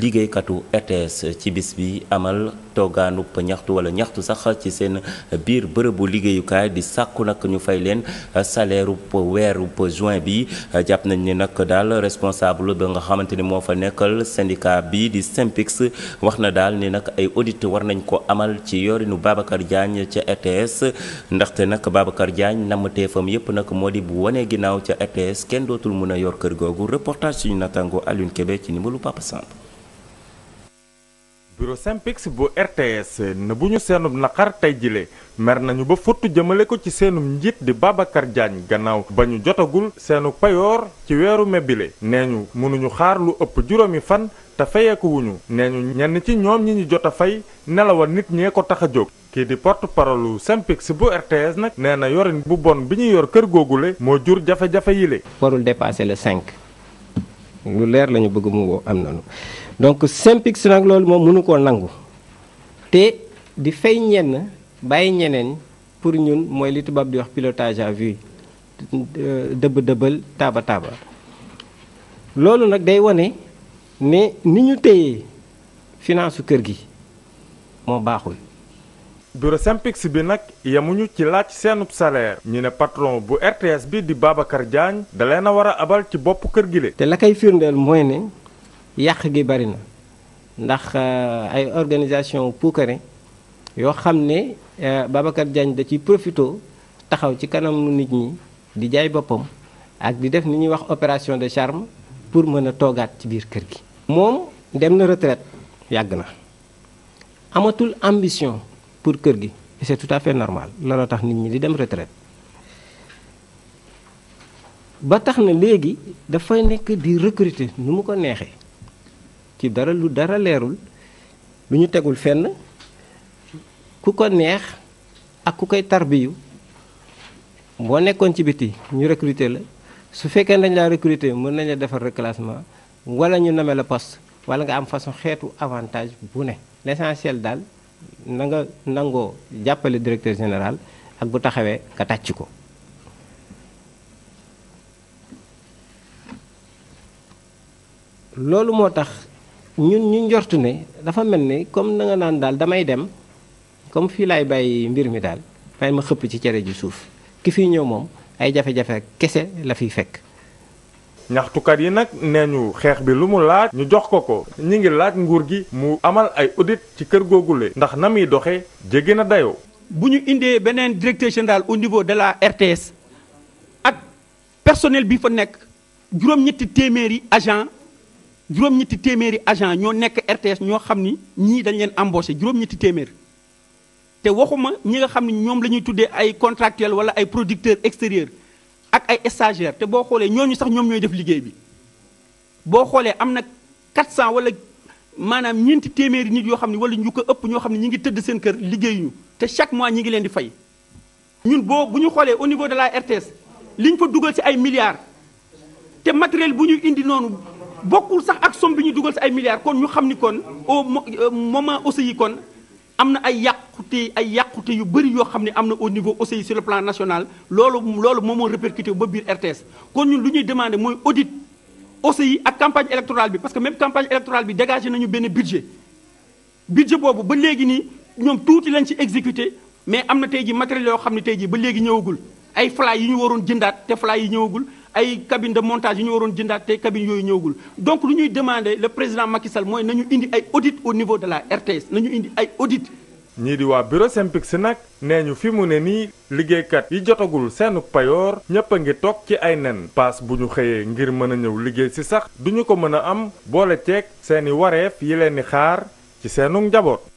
liggéeykatu RTS ci bis bi amal toogaanub ñaxtu wala ñaxtu sax ci seen biir bërëbu liggéeyukaay di sàkku nag ñu fay leen salaire weeru juin bi jàpp nañ ni nag daal responsable ba nga xamante ni moo fa nekkal syndicat bi di SYNPICS wax na daal ni nag ay audit war nañ ko amal ci yorinu Babacar Diagne ca RTS ndaxte nak nag Babacar Diagne namteefam yépp nag moo di bu wanee ginnaaw ca RTS kenn dootul mën a yor kër googu reportage suñu natango Alioune Kébé ci ndimbalu Papa bureau Synpics bu RTS ne bu ñu seenub naqar tey jile mer nañu ba fottu jëmale ko ci seenum njiit di Babacar Diagne gannaaw ba ñu jotagul seenu payoor ci weeru me bile nee ñu mënuñu xaar lu ëpp juróomi fan te fayeeku wuñu nee ñu ñenn ci ñoom ñi ñu jot a fay nelawal nit ñee ko tax a jóg kii di porte parole Synpics bu RTS nag nee na yorin bu bon bi ñu yor kër googule moo jur jafe-jafe yile warul dépasser le 5 lu leer lañu bëgg mu woo am nañu donc SYNPICS nag loolu moom mënu ko nangu te di fay ñenn bàyyi ñeneen pour ñun mooy li tubaab di wax pilotage à vue dëbb dëbbal taaba taaba loolu nag day wane ne ni ñu téye finance kër gi moo baaxul bureau SYNPICS bi nag yemuñu ci laaj seenub salaire ñu ne patron bu RTS bi di Babacar Diagne da leen a war a abal ci bopp kër gi le te la koy firndeel mooy ne yàq gi bari na ndax euh, ay organisation puukare yoo xam ne euh, Babacar Diagne da ci profito taxaw ci kanamu nit ñi di jaay boppam ak di def ni ñuy wax opération de charme pour mën a toogaat ci biir kër gi moom dem na retraite yàgg na amatul ambition pour kër gi et c'est tout à fait normal looloo tax nit ñi di dem retraite ba tax na léegi dafa nekk di recruter nu mu ko neexee ci dara lu dara leerul lu ñu tegul fenn ku ko neex ak ku koy tarbiyu boo nekkoon ci biti ñu recruter la su fekkee dañ laa recruter mën nañ defar reclassement wala ñu name la poste wala nga am façon xeetu avantage bu ne l'essentiel daal na nga nangoo jàppale directeur général ak bu taxawee nga tàcc ko loolu moo tax ñun ñu njort ne dafa mel ni comme na nga naan daal damay dem comme fii laay bàyyi mbir mi daal bàyyi ma xëpp ci cere ji suuf ki fii ñëw moom ay jafe-jafe kese la fiy fekk. ñaxtukat yi nag nee ñu xeex bi lu mu laaj ñu jox ko ko ñi ngi laaj nguur gi mu amal ay audit ci kër googule ndax na muy doxee jéggi na dayoo. bu ñu indee beneen directeur général au niveau de la RTS ak personnel bi fa nekk juróom-ñetti téeméeri agent juróom-ñetti téeméeri agent ñoo nekk RTS ñoo xam ni ñii dañu leen embauché juróom-ñetti téeméer te waxuma ñi nga xam ni ñoom la ñuy tuddee ay contractuel wala ay producteur extérieur ak ay stagiaire te boo xoolee ñooñu sax ñoom ñooy def liggéey bi boo xoolee am na 400 wala maanaam ñeenti téeméeri nit yoo xam ne wala ñu ko ëpp ñoo xam ne ñi ngi tëdd seen kër liggéeyuñu te chaque mois ñi ngi leen di fay ñun boo bu ñu xoolee au niveau de la RTS li ñu fa dugal ci ay milliards te matériel bu ñu indi noonu bokkul sax ak somme bi ñu dugal si ay milliards kon ñu xam ni kon au euh, moment yi kon am na ay yàqute ay yàqute yu bëri yoo xam ne am na au niveau OCI sur le plan national loolu loolu moom moo répercuté ba biir RTS kon ñu lu ñuy demandé mooy audit yi ak campagne électorale bi parce que même campagne électorale bi dégagé nañu benn budget budget boobu ba léegi nii ñoom tuuti lañ ci exécuté mais am na tey ji matériel yoo xam ne tey ji ba léegi ñëwagul ay fly yi ñu waroon jëndaat te fly yi ñëwagul ay cabine de yu ñu waroon jëndaat tey cabine yooyu ñëwagul donc lu ñuy demande le président Macky Sall mooy nañu indi ay audit au niveau de la RTS nañu indi ay audit ñii di waa bureau SYNPICS nag nee ñu fi mu ne nii liggéeykat yi jotagul seenu payoor ñëpp a ngi toog ci ay nen paas bu ñu xëyee ngir mën a ñëw liggéey si sax duñu ko mën a am boole ceeg seeni wareef yi leen xaar ci seenu njaboot.